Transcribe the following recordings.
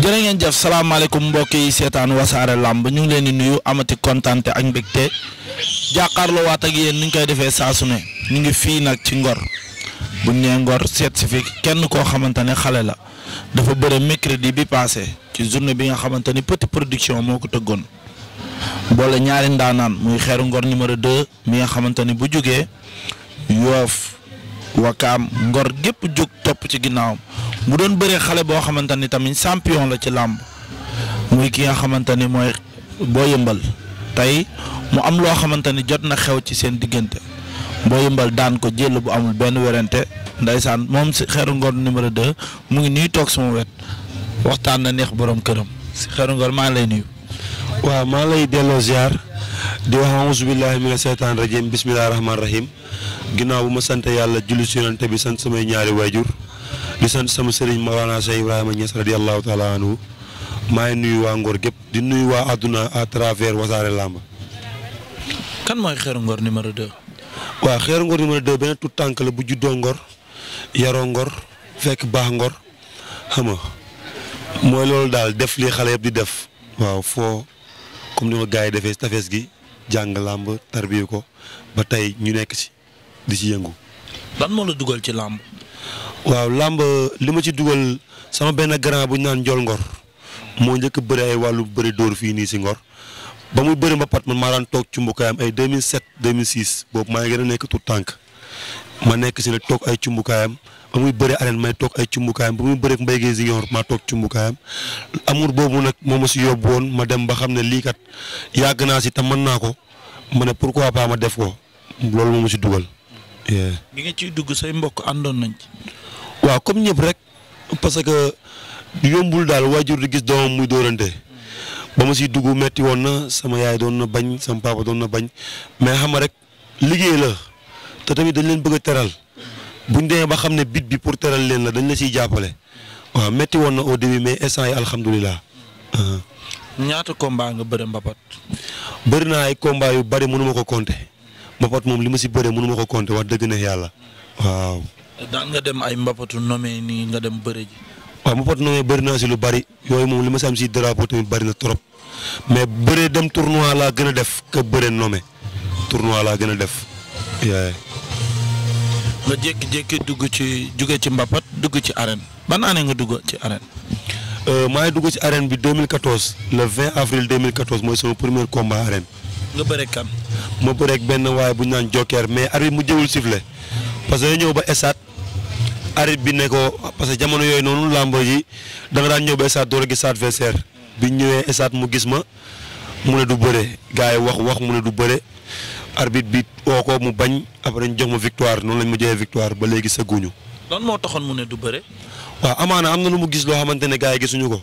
jërë ngeen jëf salaamaaleykum mbokk yi seetaan wasaare làmb ñu ngi leen di nuyu amati kontaan ak mbégte jàkkaarloo waat ak yéen ni ñu koy defee saa ne ñu ngi fii nag ci ngor bu ñu nee ngor seet si fi kenn koo xamante ne xale la dafa bëre mercredi bi passé ci journée bi nga xamante ni Petit Production moo ko tëggoon boole ñaari ndaanaan muy xeeru ngor numéro 2 mi nga xamante ni bu jógee yoof wakaam ngor gépp jóg topp ci ginnaawam mu doon bëree xale boo xamante ni tamit champion la ci làmb muy ki nga xamante ni mooy boo yëmbal tey mu am loo xamante ni jot na xew ci seen diggante boo yëmbal daan ko jël bu amul benn werante ndaysaan moom si xeeru ngor numéro 2 mu ngi nuy toog sama wet waxtaan na neex borom këram si xeeru ngor maa ngi lay nuyu. waaw maa lay delloo ziar di wax auzu billahi mina seytaan rajim bismillahi rahmaani rahim ginnaaw bu ma sant yàlla julli si yonante bi sant samay ñaari waajur di sant sama sëriñ Mawlana Cheikh Ibrahima Niass radiyallahu taala anhu maa ngi nuyu waa Ngor gépp di nuyu waa àdduna à travers Wassare Lamb. kan mooy Xeeru Ngor numéro 2. waaw Xeeru Ngor numéro 2 benn tout tànk la bu juddoo Ngor yaroo Ngor fekk baax Ngor xam mooy loolu daal def li xal yëpp di def comme ni ma gars yi defee tafes gi jàng làmb tarbiyu ko ba tey ñu nekk ci di ci yëngu. lan moo la dugal ci làmb. waaw làmb li ma ci dugal sama benn grand bu ñu naan Ndiol Ngor moo njëkk a bëri ay wàllu bëri dóor fii nii si Ngor ba muy ma mbapat man maa daan toog ay ci mbukaayam ay 2007 2006 boobu maa gën a nekk tout tànk ma nekk si ne toog ay cumbukaayam ba muy bëre arène may toog ay cumbukaayam ba muy bëre ak Mbaye Guèye Junior maa toog cumbukaayam amour boobu nag moo ma si yóbbu woon ma dem ba xam ne lii kat yàgg naa si te mën naa ko ma ne pourquoi pas ma def ko loolu moo ma si dugal. bi ciy dugg say mbokk àndoon nañ waaw comme ñëpp rek parce que yombul daal waajur di gis doomam muy dóorante. ba ma dugg metti woon na sama yaay doon na bañ sama doon na bañ mais xam nga rek liggéey te tamit dañ leen bëgg teral buñ demee ba xam ne bit bi pour teral leen la dañ la siy jàppale. waaw métti woon na au début mais instant yi alhamdulilah. Euh. ñaata combat nga bëre mbapat. bëri naa ay combat yu bari mënuma ko compter mbapat moom li ma si bëree mënu ma ko compter wax dëgg na yàlla waaw. daan nga dem ay mbapatu nommé nii nga dem bëre ji. waaw mbapat nommé bëri naa si lu bari yooyu moom li ma si am si drapeau tamit bari na trop mais bëree dem tournoi laa gën a def que bëre nommé tournoi laa gën a def. nga jékki-jékki dugg ci jóge ci Mbapat dugg ci arène ban année nga dugg ci arène. Euh, maa ngi dugg ci arène bi 2014 le 20 avril 2014 mooy sama premier combat arène. nga bëreeg kan. ma bëreeg benn waaye bu ñu naan jokkeer mais arbitre mu jëwul sifflet parce que ñëw ba esaat arbitre bi ne ko parce que jamono yooyu noonu làmb yi da nga daan ñëw ba esaat door a gis sa adversaire bi ñëwee esaat mu gis ma mu ne du bëre gars yi wax wax mu ne du bëre arbitre bi woo ko mu bañ après ñu jox ma victoire noonu lañ ma joxee victoire ba léegi sëgguñu. lan moo taxoon mu ne du bëre. waaw amaana am na lu mu gis loo xamante ne gars yi gisuñu ko.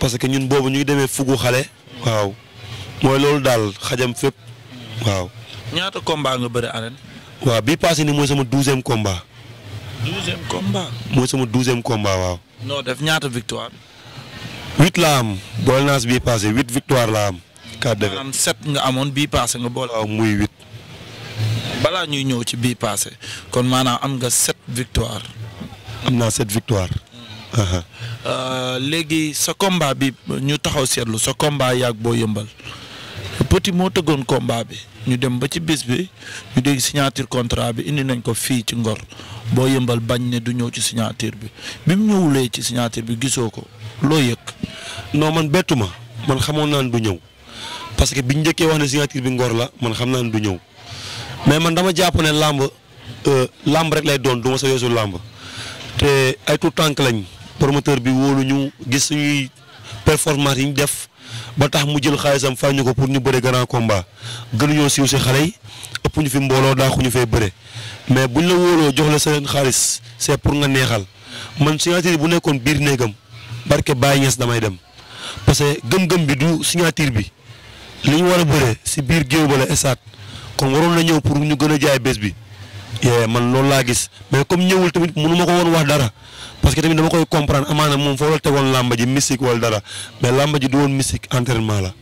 parce que ñun boobu ñuy demee fugu xale. waaw mooy loolu daal xajam fépp. waaw. ñaata combat nga bëri arène. waaw bii passé ni mooy sama douzième komba douzième combat. mooy sama douzième combat waaw. noo def ñaata victoire. huit la am boole naas bii passé huit victoire la am. quatre défaites maanaam nga amoon bii passé nga boole. waaw muy huit. balaa ñuy ñëw ci bii passé kon maanaam am nga sept victoire. am naa sept victoire. Mm. Euh, léegi sa combat bi ñu taxaw seetlu sa combat yàgg boo yëmbal petit moo tëggoon combat bi ñu dem ba ci bis bi ñu dégg signature contrat bi indi nañ ko fii ci Ngor boo yëmbal bañ ne du ñëw ci signature bi bi mu ñëwulee ci signature bi gisoo ko loo yëg. non man bettu man xamoon naa du ñëw. parce que biñ njëkkee wax ne signature bi ngor la man xam naa ne du ñëw mais man dama jàpp ne làmb euh, làmb rek lay doon du ma sa yoosu làmb te ay tout tànk lañ promoteur bi wóolu ñu gis suñuy performance yi ñu def ba tax mu jël xaalisam fay ñu ko pour ñu bëre grand combat gënuñoo siiw si xale yi ëpp ñu fi mbooloo daaxuñu fee bëre mais bu buñ la wóoloo jox la seen xaalis c'est pour nga neexal man signature bu nekkoon biir néegam barke Baye Niass damay dem parce que gëm-gëm bi du signature bi. li ñu war a bëre si biir géew ba la kon waroon na ñëw pour ñu gën a jaay bés bi yee man loolu laa gis mais comme ñëwul tamit mënu ma ko woon wax dara parce que tamit dama koy comprendre amaana moom foo la tegoon làmba ji mystique wala dara mais làmba ji du woon mystique entraînement la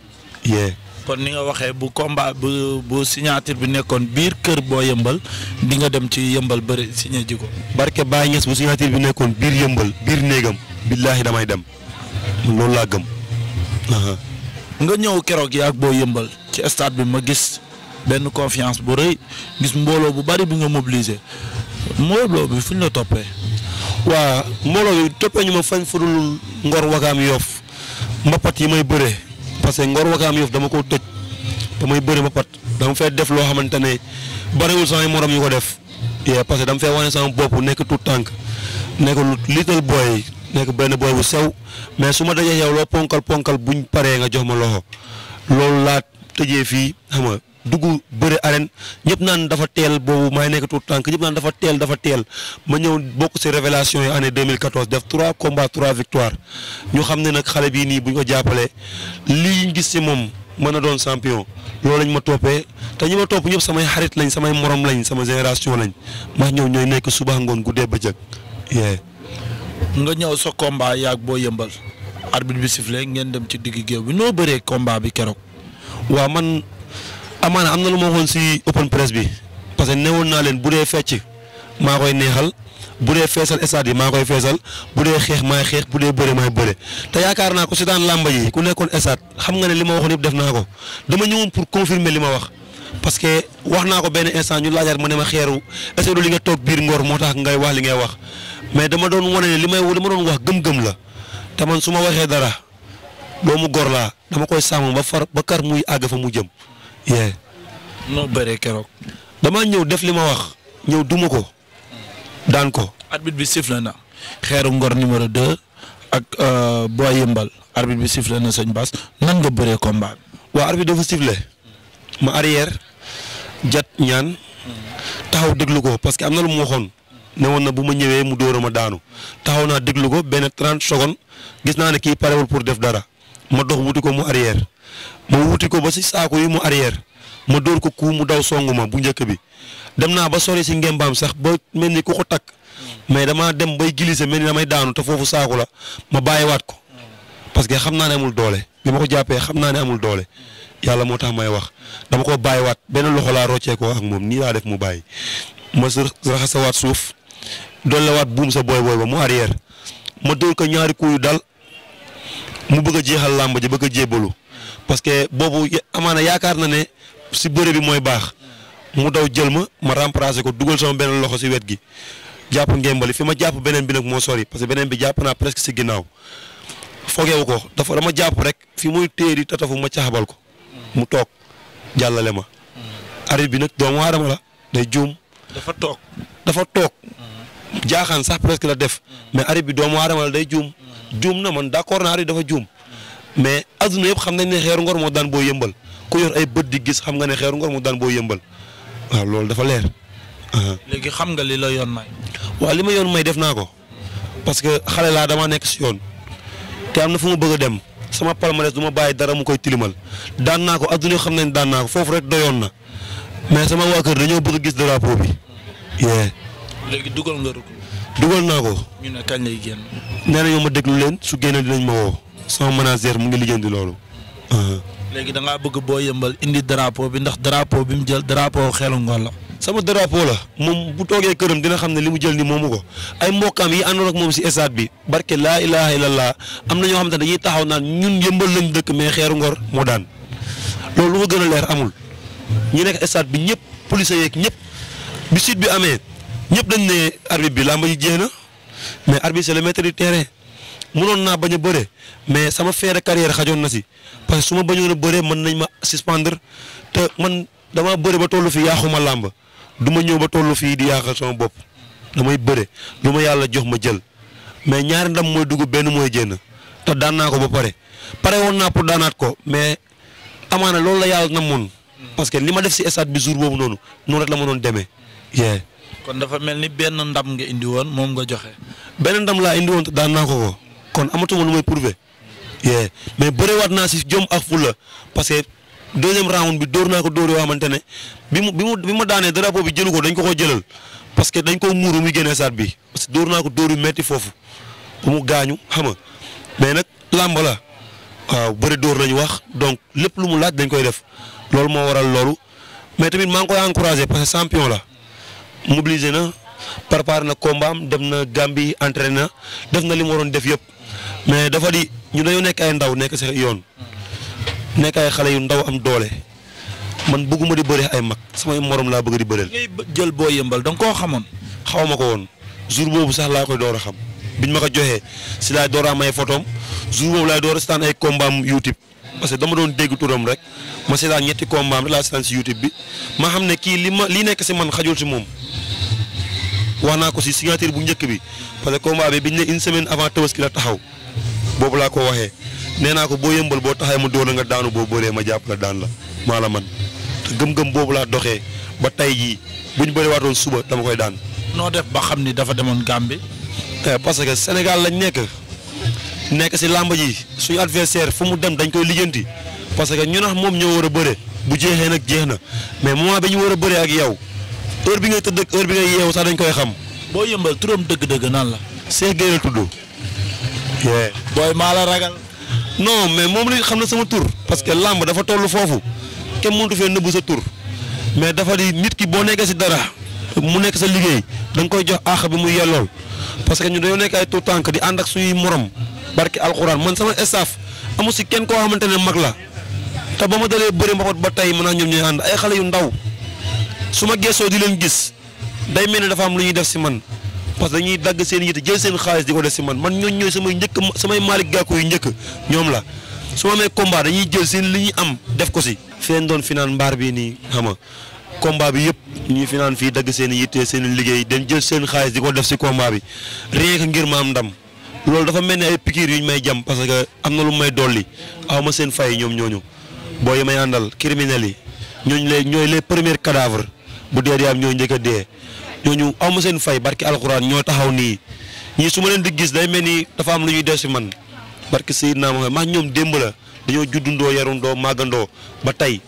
yee. kon ni nga waxee bu combat bu bu signature bi nekkoon biir kër boo yëmbal di nga dem ci yëmbal bëri signé ji ko. barke Baye Niass bu signature bi nekkoon biir yëmbal biir néegam billaahi damay dem loolu laa gëm. nga ñëw keroog yaag boo yëmbal ci stade bi ma gis benn confiance bu rëy gis mbooloo bu bari bi nga mobiliser mbooloo bi fu ñu la toppee. waa mbooloo bi toppee ñu ma fañ fudul ngor wakaam yoof mbapat yi may bëree parce que ngor wakaam yof dama ko tëj damay bëri mbapat dama fay def loo xamante ne bariwul samay moroom yi ko def. yee parce que dama fee wane sama bopp nekk tout tànk nekk lu little boy nekk benn boy bu sew mais su ma dajee yow loo ponkal ponkal buñ paree nga jox ma loxo loolu laa tëjee fii xam nga dugg bëri arène ñëpp naan dafa teel boobu maay nekk tout tànk ñëpp naan dafa teel dafa teel ma ñëw bokk ci révélation yi année 2014 def 3 combats 3 victoires ñu xam ne nag xale bii nii buñ ko jàppalee lii ñu gis ci moom. mën na doon champion loolu lañ ma toppee te ñu ma topp ñëpp samay xarit lañ samay morom lañ sama génération lañ ndax ñëw ñooy nekk suba ngoon guddee bëccëg. nga ñëw sa combat yaag boo yëmbal. arbitre bi sifflé ngeen dem ci digg géew bi noo bëree combat bi keroog. waaw man amaana am na lu ma waxoon si open press bi parce que newoon naa leen bu dee fecc maa koy neexal bu dee feesal stade yi maa koy feesal bu dee xeex maay xeex bu dee bëre maay bëre te yaakaar naa ko si daan làmba yi ku nekkoon stade xam nga ne li ma waxoon yëpp def naa ko dama ñëwoon pour confirmer li ma wax. parce que wax naa ko benn instant ñu ma ne ma xeeru est li nga toog biir ngor moo tax ngay wax li ngay wax mais dama doon wane ne li may li ma doon wax gëm-gëm te man su ma waxee dara doomu gor laa dama koy sàmm ba far ba kar muy àgg fa mu jëm. noo bëree keroog. damaa ñëw def li ma wax ñëw duma ko. daan ko. arbitre bi sifflé na xeeru ngor numéro 2 ak euh, Boy Yëmbal arbitre bi sifflé na sëñ Bass nan nga bëree combat waa waaw arbitre dafa sifflé ma arrière jat ñaan taxaw déglu ko parce que am na lu mu waxoon ne na bu ma ñëwee mu dóor ma daanu taxaw naa déglu ko benn 30 secondes gis naa ne kii parewul pour def dara ma dox wuti ko mu arrière mu wuti ko ba si saako yi mu arrière. ma dóor ko ku mu daw songu ma bu njëkk bi dem naa ba sori si ngembaam sax ba mel ni ku ko takk mais dama dem bay glissé mel ni damay daanu te foofu saaku la ma waat ko parce que xam naa ne amul doole bi ma ko jàppee xam naa ne amul doole yàlla moo tax may wax dama ko bàyyiwaat benn loxo laa roccee ko ak moom nii laa def mu bàyyi ma raxasawaat suuf dollewaat buum sa booy booy ba mu arrière ma dóor ko ñaari kuyu dal mu bëgg a jeexal làmb bëgg a jébalu si bëre bi mooy baax mu daw jël ma ma remplacer ko dugal sama beneen loxo si wet gi jàpp ngembali fi ma jàpp beneen bi nag moo sori parce que beneen bi jàpp naa presque si ginnaaw fogewu ko dafa dama jàpp rek fi muy téeri tatafu ma caxabal ko mu toog jàllale ma. ari bi nag doomu aadama la day juum. dafa toog dafa toog. Mm-hmm. jaaxaan sax presque la def. Mm-hmm. mais arbitre bi doomu aadama day juum. Mm-hmm. juum na man d'accord naa arbitre dafa juum. mais adduna yëpp xam nañ ne xeer ngor moo daan boo yëmbal. ku yor ay bët di gis xam nga ne xeeru nga mu daan boo yëmbal waaw loolu dafa leer. léegi xam nga li la yoon may. waaw li ma yoon may def naa ko parce que xale laa dama nekk si yoon te am na fu ma bëgg a dem sama palmarès du ma bàyyi dara mu koy tilimal daan naa ko adduna xam nañ daan naa ko foofu rek doyoon na mais sama waa kër dañoo bëgg a gis po bi. léegi dugal nga rek. dugal naa ko. ñu ne kañ lay nee na ñoo ma déglu leen su génne dinañ ma woo sama manager mu ngi liggéeyandi loolu. léegi da bëgg boo yëmbal indi drapeau bi ndax drapeau bi mu jël drapeau xelu ngor la. sama drapeau la moom bu toogee këram dina xam ne li mu jël nii moomu ko ay mbokkam yi àndoon moom si stade bi barke laa ilaha illallah am na ñoo xam ne dañuy taxaw naan ñun yëmbal lañ dëkk mais xeeru ngor moo daan loolu lu ko gën a leer amul ñu nekk stade bi ñëpp policiers yeeg ñëpp bi sud bi amee ñëpp dañ ne arbitre bi làmb ji jeex na mais arbitre c'est le maître terrain. mënoon naa bañ a bëre mais sama fin de xajoon na si parce que su ma bañoon a bëree mën nañ ma suspendre te man damaa bëre ba tollu fi yaaxuma làmb du ma ñëw ba tollu fii di yaaxal sama bopp damay bëre lu ma yàlla jox ma jël mais ñaari ndam mooy dugg benn mooy génn te daan naa ko ba pare pare woon naa pour daanaat ko mais amaana loolu la yàlla namoon parce que li ma def si stade bi jour boobu noonu noonu rek la ma doon demee. kon dafa mel ni benn ndam nga indi woon moom nga joxe. benn ndam laa indi daan naa ko. kon amatuma lu may prouver yee mais bëriwaat naa si jom ak fulla parce que deuxième round bi dóor naa ko dóor yoo xamante ne bi mu bi mu ma daanee drapeau bi jëlu ko dañ ko ko jëlal parce que dañ ko muuru muy génnee saat bi parce que dóor naa ko dóor yu metti foofu bu mu gaañu xam mais nag làmb la waaw bëri dóor lañu wax donc lépp lu mu laaj dañ koy def loolu moo waral loolu mais tamit maa ngi koy encouragé parce que champion la mobilisé na préparé na combat am dem na Gambie entraîné na def na li mu waroon def yëpp. mais dafa di ñu dañoo nekk ay ndaw nekk sa yoon nekk ay xale yu ndaw am doole man bëgguma di bëri ay mag samay moroom laa bëgg di bëreel. ngay jël boo yëmbal danga koo xamoon. xaw ma ko woon jour boobu sax laa koy door a xam biñ ma ko joxee si laay door a am ay photom jour boobu laay door a seetaan ay combat YouTube parce que dama doon dégg turam rek ma seetaan ñetti combat am rek laa seetaan si YouTube bi ma xam ne kii li ma li nekk si man xajul si moom wax naa ko si signature bu njëkk bi parce que combat bi biñ ne une semaine avant tabaski la taxaw boobu laa ko waxee nee naa ko boo yëmbal boo taxee ma doon nga daanu boo bëree ma jàpp la daan la maa la man te gëm-gëm boobu laa doxee ba tay jii bu ñu bëriwaatoon suba dama koy daan. noo def ba xam ni dafa demoon Gambie. Eh, parce que Sénégal lañ nekk nekk si làmb ji suñu adversaire fu mu dem dañ koy lijjanti parce que ñu nax moom ñoo war a bëre bu jeexee nag jeex na mais moment bi war a bëree yow. heure bi ngay tëdd ak heure bi ngay yeewu sax dañ koy xam. boo yëmbal turam dëgg-dëgg naan la. Cheikh Gueye la tudd. waaye maa la ragal. non mais moom la xam na sama tur. parce que làmb dafa toll foofu. kenn mënut fee nëbbu sa tur. mais dafa di nit ki boo nekkee si dara. mu nekk sa liggéey da koy jox aax bi mu yellool parce que ñu dañoo nekkaay ay tout tànk di ànd ak suy morom barki alxuraan man sama staff amu si kenn koo xamante ne mag la te ba ma dalee bëri mbapat ba tey mën naa ñoom ñooy ay xale yu ndaw. su ma geesoo di leen gis day mel ne dafa am lu ñuy def si man parce que ñuy dagg seen yite jël seen xaalis di ko def si man man ñooñ ñooy samay njëkk samay Malick Gakou yu njëkk ñoom la su ma amee dañuy jël seen li ñuy am def ko si. feen doon fi naan bii nii xam nga bi yëpp ñuy fi naan fii dagg seen yitte seen liggéey dem jël seen xaalis di ko def si combat bi rien ngir ma am ndam loolu dafa mel ni ay pikiir yu ñu may jam parce que am na lu may dolli aw ma seen fay ñoom ñooñu boo yi àndal criminels yi ñooñu lay ñooy les premiers cadavres. bu dee am ñoo njëkk a dee ñu amu seen fay barki alxuraan ñoo taxaw nii ñii su ma leen di gis day mel ni dafa am lu ñuy def si man barki Seydina Muhammad ma ñoom démb la dañoo juddundoo yarundoo màggandoo ba tey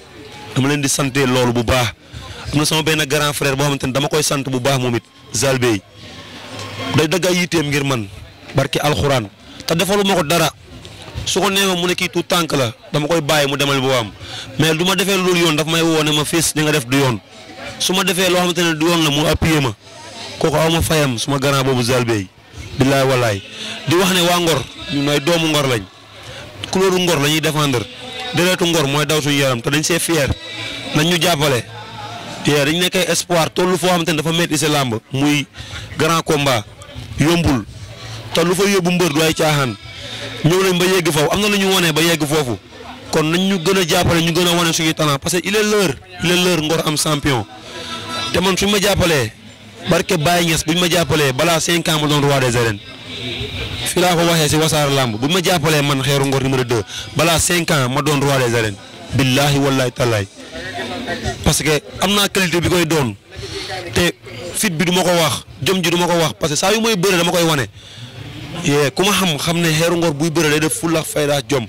dama leen di santee loolu bu baax am na sama benn grand frère boo xamante ne dama koy sant bu baax moom it Zalbey day dagg ay yitteem ngir man barki alxuraan te defaluma ko dara su ko neexoon mu ne kii tànk la dama koy bàyyi mu demal boo am mais du ma defee loolu yoon daf may woo ne ma fis li nga def du yoon. su ma defee loo xamante ne du yoon la mu appuyé ma kooku aw ma suma grand boobu Zalbey billaay wallaay di wax ne waa Ngor doomu Ngor lañ couleur Ngor la ñuy défendre déretu Ngor mooy daw suñu yaram te dañ see fier nañ ñu jàppale te dañ nekk ay espoir tollu foo xamante ni dafa metti si làmb muy grand combat yombul te lu fa yóbbu mbër du ay caaxaan ñëw nañ ba yegg foofu am na lu ñu wone ba yegg foofu kon nañu ñu gën a jàppale ñu gën a wane suñuy talent parce que il est l'heure il Ngor am champion. te man suñ ma jàppalee barke Baye Niass buñ ma jàppalee balaa cinq ans ma doon roi des arènes fii laa ko waxee si wasaar làmb buñ ma jàppalee man xeeru ngor numéro 2 balaa cinq ans ma doon roi des arènes billaahi wallaahi talaay parce que am naa qualité bi koy doon te fit bi du ma ko wax jom ji du ma ko wax parce que saa yu may bëre dama koy wane. yee ku ma xam xam ne Xeeru Ngor buy bëre day def fulla ak fayda ak jom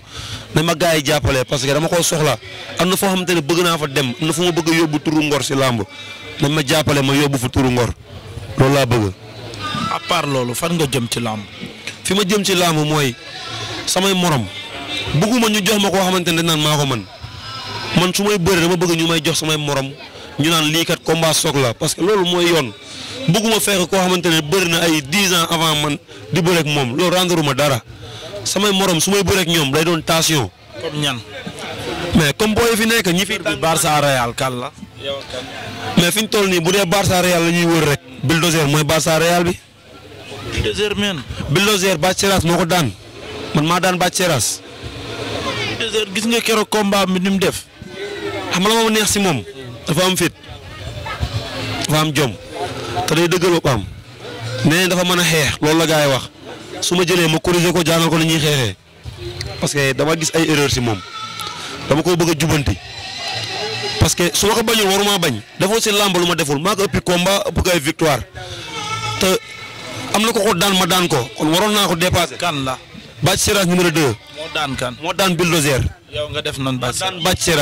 ma gars yi jàppale parce que dama koo soxla am na foo xamante ne bëgg naa fa dem am na fu ma bëgg a yóbbu turu Ngor si làmb ne ma jàppale ma yóbbu fa turu Ngor loolu laa bëgg. à part loolu fan nga jëm ci làmb. fi ma jëm ci làmb mooy samay morom bëgguma ñu jox ma koo xamante ne naan maa ko man man su may bëre dama bëgg ñu may jox samay morom. ñu naan lii kat combat soog la parce que loolu mooy yoon bëgguma fekk koo xamante ne bëri na ay dix ans avant man di bëreeg moom loolu rendre ma dara samay morom su may bëreeg ñoom day doon tension. comme ñan. mais comme booy fi nekk ñi fi. bi Barça Real kan la. mais fi ñu toll nii bu dee Barça Real la ñuy wër rek. bulldozer mooy Barça Real bi. bulldozer men. bulldozer Baccheras moo ko daan man maa daan Baccheras. bulldozer gis nga keroog combat bi ni mu def. xam nga neex si moom. dafa am fit dafa am jom te day dëggal boppam nee dafa mën a xeex loolu la gaa yi wax su ma jëlee ma corriger ko jàngal ko ni ñuy xeexee parce que dama gis ay erreur si moom dama ko bëgg a jubanti parce que su ma ko bañul waruma bañ defoo si làmb lu ma deful maa ko ëppi combat ëpp ko ay victoire te am na ko ko daan ma daan ko kon waroon naa ko dépasser. kan la Bathie Seras numéro 2. moo moo daan bulldozer. nga def noonu Bathie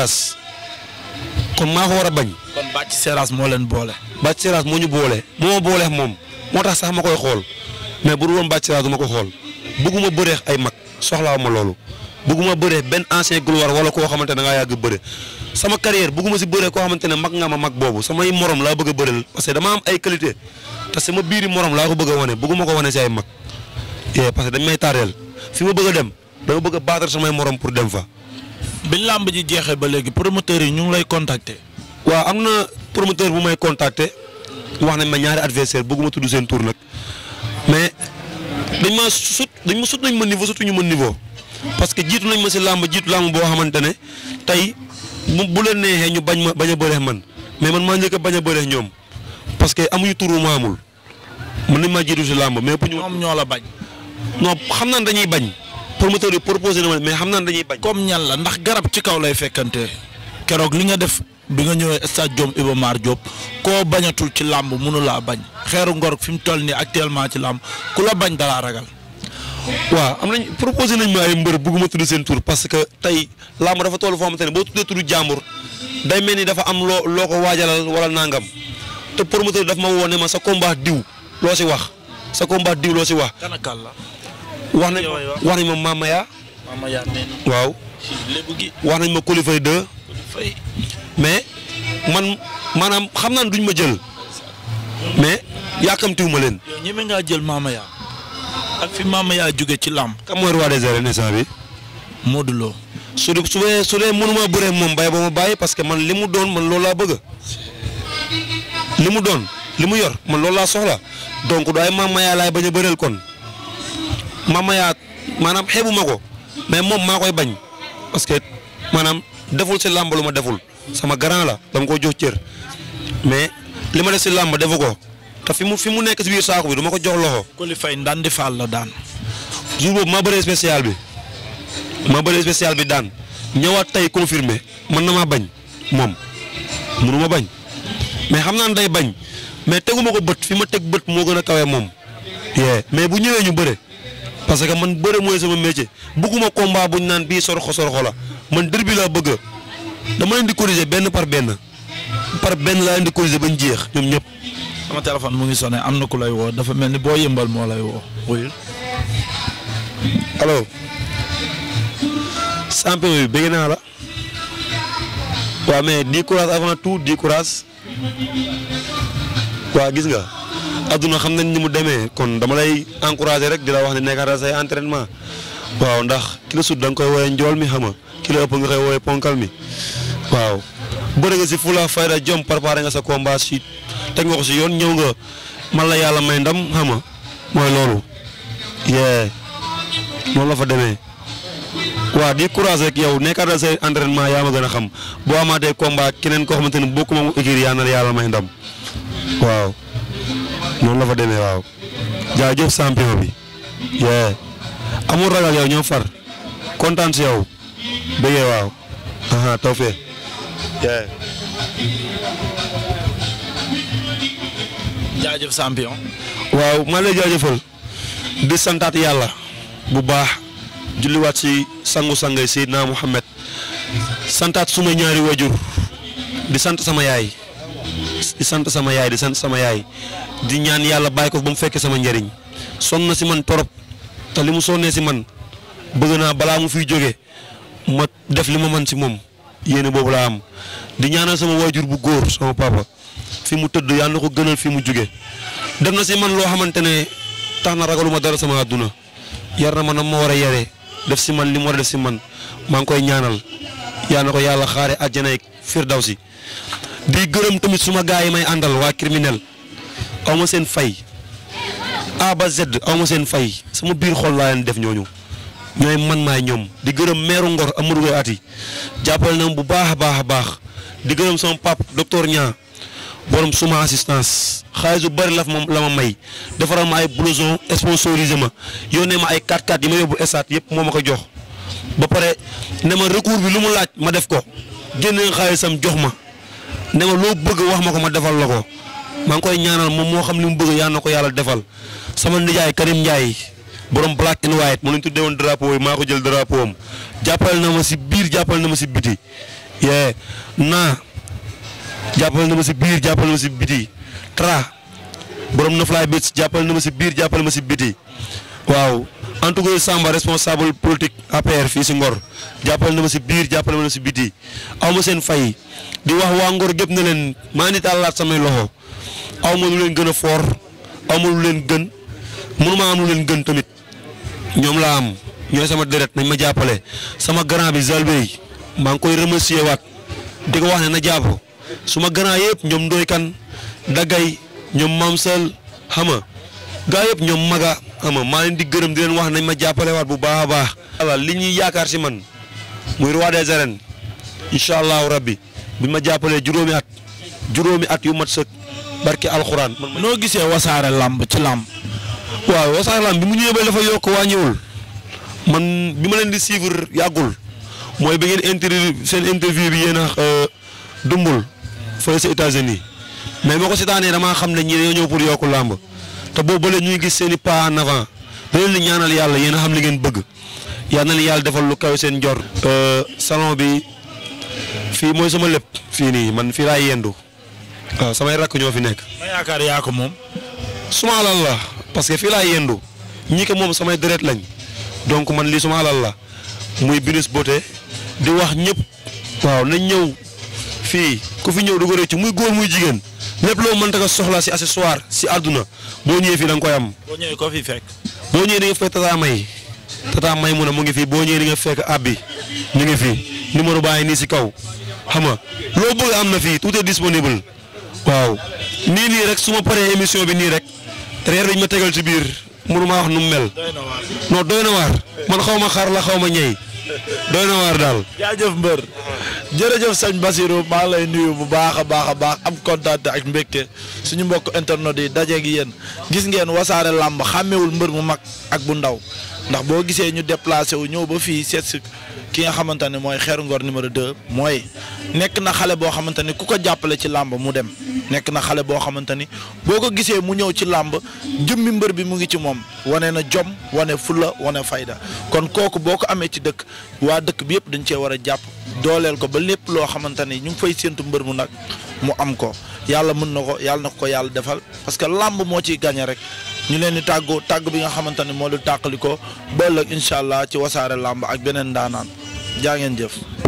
kon maa ko war a bañ. kon Bathie Seras moo leen boole. Bathie Seras moo ñu boole moo ma booleex moom moo tax sax ma koy xool mais bu dul woon Bathie du ma ko xool bëgguma bëreex ay mag soxlaaw ma loolu bëgguma bëree benn ancien gloire wala koo xamante ne da ngaa yàgg bëre sama carrière bëgguma si bëree koo xamante ne mag nga ma mag boobu samay morom laa bëgg a bëreel parce que dama am ay qualité te sama biiri morom laa ko bëgg a wane bëgguma ko wane si ay mag eh, parce que dañ may taareel fi ma bëgg dem dama bëgg a baatar samay pour dem bi làmb ji jeexee ba léegi promoteurs yi ñu lay contacter. waaw am na promoteur bu may contacter wax nañ ma ñaari adversaire bëgguma tudd seen tour nag mais dañ ma sut dañ ma sut nañ ma niveau ñu ma niveau parce que jiitu nañ ma si làmb jiitu làmb boo xamante ne tey bu bu leen neexee ñu bañ ma bañ a bëreex man mais man maa njëkk a bañ a bëreex ñoom parce que amuñu turu ma amul mën nañ maa jiitu si làmb mais. pour ñu am ñoo la bañ. non xam naa dañuy bañ. promoteur yi proposé na mais xam naa dañuy bañ. comme ñan la ndax garab ci kaw lay fekkante keroog li nga def bi nga ñëwee stade Diom Iba maar Diop koo bañatul ci làmb mënu laa bañ xeeru ngor fi mu toll nii actuellement ci làmb ku la bañ dalaa ragal. waaw am nañ proposé nañ ma ay mbër bëgguma tudd seen tur parce que tey làmb dafa toll foo xamante ne boo tuddee turu jàmbur day mel ni dafa am loo loo ko waajalal wala nàngam te promoteur daf ma woo ma sa combat diw loo si wax sa combat diw loo si wax. wax nañ wax nañ ma Mamaya. waaw. wax nañ ma Kulifay 2. mais man maanaam xam naa ne duñ ma jël. mais yàkkamtiwu ma leen. yow ñeme jël Mamaya. ak fi Mamaya jóge ci làmb. kan mooy roi des arènes instant bi. Modou Lo. su dee su dee su dee mënuma bëree moom bay ba ma bàyyi parce que man li mu doon man loolu laa bëgg. li mu doon li mu yor man loolu laa soxla donc du ay Mamaya laay bañ a bëreel kon. ma mayaat maanaam xeebu ko mais moom maa koy bañ parce que maanaam deful si làmb lu ma deful sama grand la dama ko jox cër mais li ma def si làmb defu ko te fi mu fi mu nekk si biir saako bi du ma ko jox loxo. ndaan di faal la daan. jour boobu ma bëree spécial bi ma bëree spécial bi daan ñëwaat tey confirmé mën na maa bañ moom mënu bañ mais xam naa ni day bañ mais teguma ko bët fi ma teg bët moo gën a kawe moom. mais bu ñëwee ñu bëre. parce que man bëre mooy sama métier bëgguma combat bu ñu naan bii sorxo sorxo la man derby laa bëgg dama indi di benn par benn par benn laa leen di corriger bañ jeex ñoom ñëpp. sama téléphone mu ngi sonné am na ku lay woo dafa mel ni boo yëmbal moo lay woo. oui allo. champion bi bëgg naa la. waaw mais di courage avant tout waa gis nga. adduna xam nañ ni mu demee kon dama lay encouragé rek di la wax ne nekkaatal say entraînement waaw ndax ki la sut da nga koy woowee njool mi xama ki la ëpp nga koy woowee ponkal mi waaw. bëri nga si fula fayda jom préparé nga sa combat si teg nga ko si yoon ñëw nga man la yàlla may ndam xama mooy loolu. yee noonu la fa demee waaw di courage rek yow nekkaatal say entraînement yaa ma gën a xam boo amaatee combat keneen koo xamante ni bokkuma mu écrire yaa na yàlla may ndam noonu la fa demee waaw jaajëf champion bi yee amul ragal yow ñoo far kontaan si bëggee waaw aha tawfee yee jaajëf champion waaw maa lay jaajëfal di santaat yàlla bu baax julliwaat si sangu-sangay Seydina Muhammad santaat suma ñaari wajur di sant sama yaay di sant sama yaay di sant sama yaay di ñaan yàlla bàyyi ko ba mu fekkee sama njariñ sonn na si man torop te li mu sonnee si man bëgg naa balaa mu fiy jóge ma def li ma man si moom yéene boobu laa am di ñaanal sama waajur bu góor sama papa fi mu tëdd yàlla na ko gënal fi mu jóge def na si man loo xamante ne tax na ragaluma dara sama àdduna yar na ma nam ma war a yare def si man li mu war a def si man maa ngi koy ñaanal yaa na ko yàlla xaare àjjana ak si di gërëm tamit suma gars yi may àndal waa criminel aw ma seen fay A ba Z seen fay sama biir xol laa leen def ñooñu ñooy man maay ñoom di gërëm meeru Ngor Amadou Gueye Aty jàppale na bu baax a baax a baax di gërëm sama pap docteur Niang borom suma assistance xaalis bu bëri la moom la ma may defaral ma ay blouson sponsorisé ma yónnee ma ay 4 x yi ma yóbbu estaat yëpp moom ma ko jox. ba pare ne ma recours bi lu mu laaj ma def ko génne xaalisam jox ma ne ma loo bëgg wax ma ko ma defal la ko maa ngi koy ñaanal moom moo xam li mu bëgg yaa na ko yàlla defal sama nijaay Karim Ndiaye borom black and white mu lañ tuddee woon drapeau yi maa ko jël drapeau am na ma si biir jàppale na ma si biti yee naa na ma si biir jàppale na ma si biti tra borom noflaay bi jàppale na ma si biir jàppale ma si biti waaw Antougay Samba responsable politique APR fii si Ngor jàppale na ma si biir jàppale ma si biti aw ma seen fay di wax waa Ngor gépp na leen maa ngi tàllaat samay loxo aw ma lu leen gën a foor aw lu leen gën mënuma am lu leen gën tamit ñoom laa am ñooy sama deret nañ ma jàppale sama grand bi Zalbey maa ngi koy remercier waat di ko wax ne na jàpp su ma grand yëpp ñoom Ndoy Kan Dagay ñoom Mamsel xama gaa yëpp ñoom maga xam maa leen di gërëm di leen wax nañ ma jàppale waat bu baax baax. voilà li ñuy yaakaar si man muy roi des arènes incha allahu rabbi bi ma jàppalee juróomi at juróomi at yu mat sëkk barke alxuraan. noo gisee wasaare lamb ci lamb. waaw wasaare bi mu ñëwee dafa yokk wàññiwul man bi ma leen di suivre yàggul mooy ba ngeen interview seen interview bi yéen a euh, dumbul fële si États-Unis mais boo ko seetaanee damaa xam ne ñii dañoo ñëw pour yokk lamb. te boobu ba ñuy gis seeni i pas en avant ñaanal yàlla yéen xam li ngeen bëgg yal yàlla defal lu kaw seen jor euh, salon bi fii mooy sama lépp fii nii man fii laay yendu waaw samay rakk fi nekk. yaakaar yaa ko moom. suma alal parce que fii laay yendu ñi ko moom samay deret lañ donc man lii suma alal la muy Binus boote di wax ñépp waaw nañ ñëw fii ku fi ñëw du ko ci muy góor muy jigéen. lépp loo mënta ko soxla si accessoire si àdduna boo ñëwee fii da nga koy am. boo ñëwee koo fi fekk. boo ñëwee di nga fekk Tata May Tata May mu ne mu ngi fii boo ñëwee di nga fekk abbi mu ngi fi numéro baa ngi nii si kaw xam nga loo bëgg am na fii tout est disponible waaw nii nii rek su ma paree émission bi nii rek reer bi ñu ma tegal ci biir mënu maa wax nu mu mel. doy na waar non doy na man xaw ma xaar la xaw ma ñey doy na waar daal. jaajëf mbër jërëjëf sëñ Basirou maa lay nuyu bu baax a baax a baax am kontaan ak mbégte suñu mbokk internet yi dajeeg yéen gis ngeen wasaare làmb xàmmewul mbër mu mag ak bu ndaw ndax boo gisee ñu déplacé wu ñëw ba fii seet ki nga xamante ne mooy Xeeru Ngor numéro 2 mooy nekk na xale boo xamante ni ku ko jàppale ci làmb mu dem nekk na xale boo xamante ni boo ko gisee mu ñëw ci làmb jëmmi mbër bi mu ngi ci moom wane na jom wane fulla wane fayda kon kooku boo ko amee ci dëkk waa dëkk bi yëpp dañ cee war a jàpp dooleel ko ba lépp loo xamante ni ñu ngi fay séentu mbër mu nag mu am ko yàlla mën na ko yàlla na ko yàlla defal parce que làmb moo ciy gagné rek ñu leen di tàggoo tàgg bi nga xamante ne moo dul tàqali ko ba incha allah ci wasaare làmb ak beneen daanaan jaa ngeen jëf.